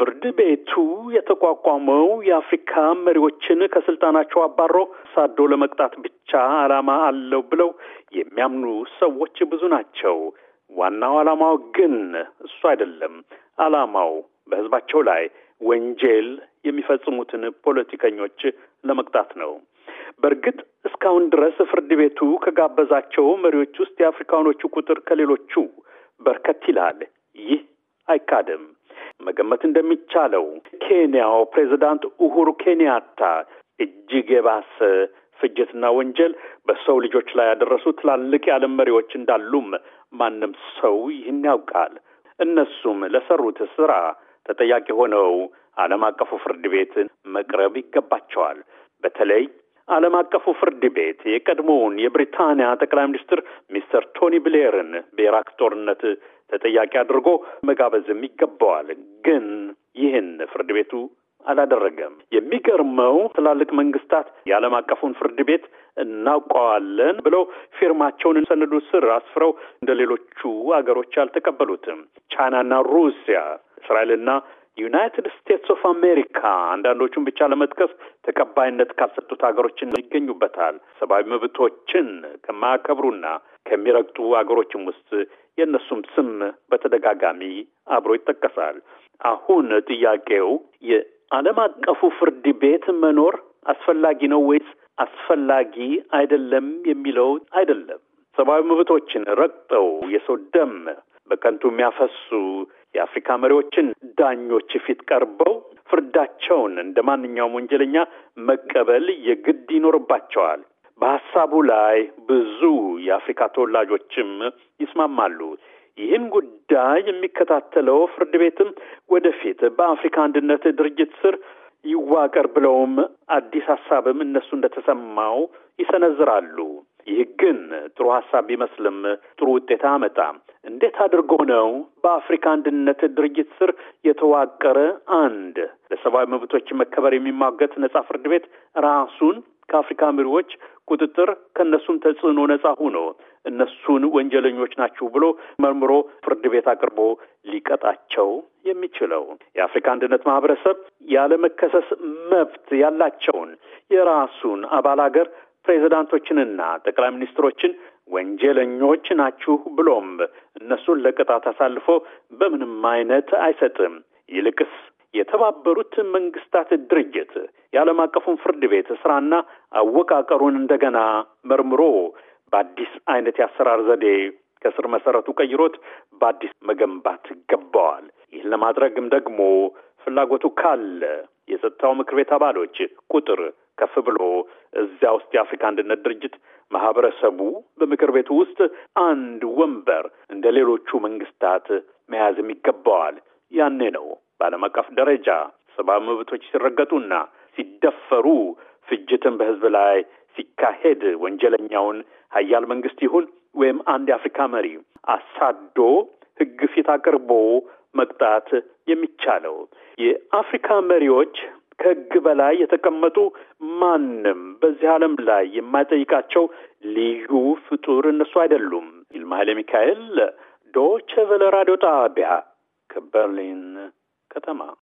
ፍርድ ቤቱ የተቋቋመው የአፍሪካ መሪዎችን ከስልጣናቸው አባሮ ሳዶ ለመቅጣት ብቻ ዓላማ አለው ብለው የሚያምኑ ሰዎች ብዙ ናቸው። ዋናው ዓላማው ግን እሱ አይደለም። ዓላማው በህዝባቸው ላይ ወንጀል የሚፈጽሙትን ፖለቲከኞች ለመቅጣት ነው። በእርግጥ እስካሁን ድረስ ፍርድ ቤቱ ከጋበዛቸው መሪዎች ውስጥ የአፍሪካኖቹ ቁጥር ከሌሎቹ በርከት ይላል። ይህ አይካድም። መገመት እንደሚቻለው ኬንያው ፕሬዚዳንት ኡሁሩ ኬንያታ እጅግ የባሰ ፍጅትና ወንጀል በሰው ልጆች ላይ ያደረሱ ትላልቅ የዓለም መሪዎች እንዳሉም ማንም ሰው ይህን ያውቃል። እነሱም ለሰሩት ስራ ተጠያቂ ሆነው ዓለም አቀፉ ፍርድ ቤት መቅረብ ይገባቸዋል። በተለይ ዓለም አቀፉ ፍርድ ቤት የቀድሞውን የብሪታንያ ጠቅላይ ሚኒስትር ሚስተር ቶኒ ብሌርን በኢራቅ ጦርነት ተጠያቂ አድርጎ መጋበዝም ይገባዋል። ግን ይህን ፍርድ ቤቱ አላደረገም። የሚገርመው ትላልቅ መንግስታት የዓለም አቀፉን ፍርድ ቤት እናውቀዋለን ብለው ፊርማቸውን ሰነዱ ስር አስፍረው እንደ ሌሎቹ አገሮች አልተቀበሉትም። ቻይናና ሩሲያ፣ እስራኤልና ዩናይትድ ስቴትስ ኦፍ አሜሪካ አንዳንዶቹን ብቻ ለመጥቀስ ተቀባይነት ካልሰጡት ሀገሮችን ይገኙበታል። ሰብአዊ መብቶችን ከማያከብሩና ከሚረግጡ ሀገሮችም ውስጥ የእነሱም ስም በተደጋጋሚ አብሮ ይጠቀሳል። አሁን ጥያቄው የዓለም አቀፉ ፍርድ ቤት መኖር አስፈላጊ ነው ወይስ አስፈላጊ አይደለም የሚለው አይደለም። ሰብአዊ መብቶችን ረግጠው የሰው ደም በከንቱ የሚያፈሱ የአፍሪካ መሪዎችን ዳኞች ፊት ቀርበው ፍርዳቸውን እንደ ማንኛውም ወንጀለኛ መቀበል የግድ ይኖርባቸዋል። በሀሳቡ ላይ ብዙ የአፍሪካ ተወላጆችም ይስማማሉ። ይህን ጉዳይ የሚከታተለው ፍርድ ቤትም ወደፊት በአፍሪካ አንድነት ድርጅት ስር ይዋቀር ብለውም አዲስ ሀሳብም እነሱ እንደተሰማው ይሰነዝራሉ። ይህ ግን ጥሩ ሀሳብ ቢመስልም ጥሩ ውጤት አመጣም። እንዴት አድርጎ ነው በአፍሪካ አንድነት ድርጅት ስር የተዋቀረ አንድ ለሰብአዊ መብቶች መከበር የሚሟገት ነጻ ፍርድ ቤት ራሱን ከአፍሪካ መሪዎች ቁጥጥር ከእነሱም ተጽዕኖ ነጻ ሁኖ እነሱን ወንጀለኞች ናችሁ ብሎ መርምሮ ፍርድ ቤት አቅርቦ ሊቀጣቸው የሚችለው የአፍሪካ አንድነት ማህበረሰብ ያለመከሰስ መብት ያላቸውን የራሱን አባል ሀገር ፕሬዚዳንቶችንና ጠቅላይ ሚኒስትሮችን ወንጀለኞች ናችሁ ብሎም እነሱን ለቅጣት አሳልፎ በምንም አይነት አይሰጥም። ይልቅስ የተባበሩት መንግስታት ድርጅት የዓለም አቀፉን ፍርድ ቤት ስራና አወቃቀሩን እንደገና መርምሮ በአዲስ አይነት የአሰራር ዘዴ ከስር መሰረቱ ቀይሮት በአዲስ መገንባት ይገባዋል። ይህን ለማድረግም ደግሞ ፍላጎቱ ካለ የጸጥታው ምክር ቤት አባሎች ቁጥር ከፍ ብሎ እዚያ ውስጥ የአፍሪካ አንድነት ድርጅት ማህበረሰቡ በምክር ቤቱ ውስጥ አንድ ወንበር እንደ ሌሎቹ መንግስታት መያዝም ይገባዋል። ያኔ ነው በዓለም አቀፍ ደረጃ ሰብአዊ መብቶች ሲረገጡና ሲደፈሩ፣ ፍጅትን በህዝብ ላይ ሲካሄድ ወንጀለኛውን ሀያል መንግስት ይሁን ወይም አንድ የአፍሪካ መሪ አሳዶ ህግ ፊት አቅርቦ መቅጣት የሚቻለው የአፍሪካ መሪዎች ከሕግ በላይ የተቀመጡ ማንም በዚህ ዓለም ላይ የማይጠይቃቸው ልዩ ፍጡር እነሱ አይደሉም። ይልማ ኃይለ ሚካኤል ዶቼ ቬለ ራዲዮ ጣቢያ ከበርሊን ከተማ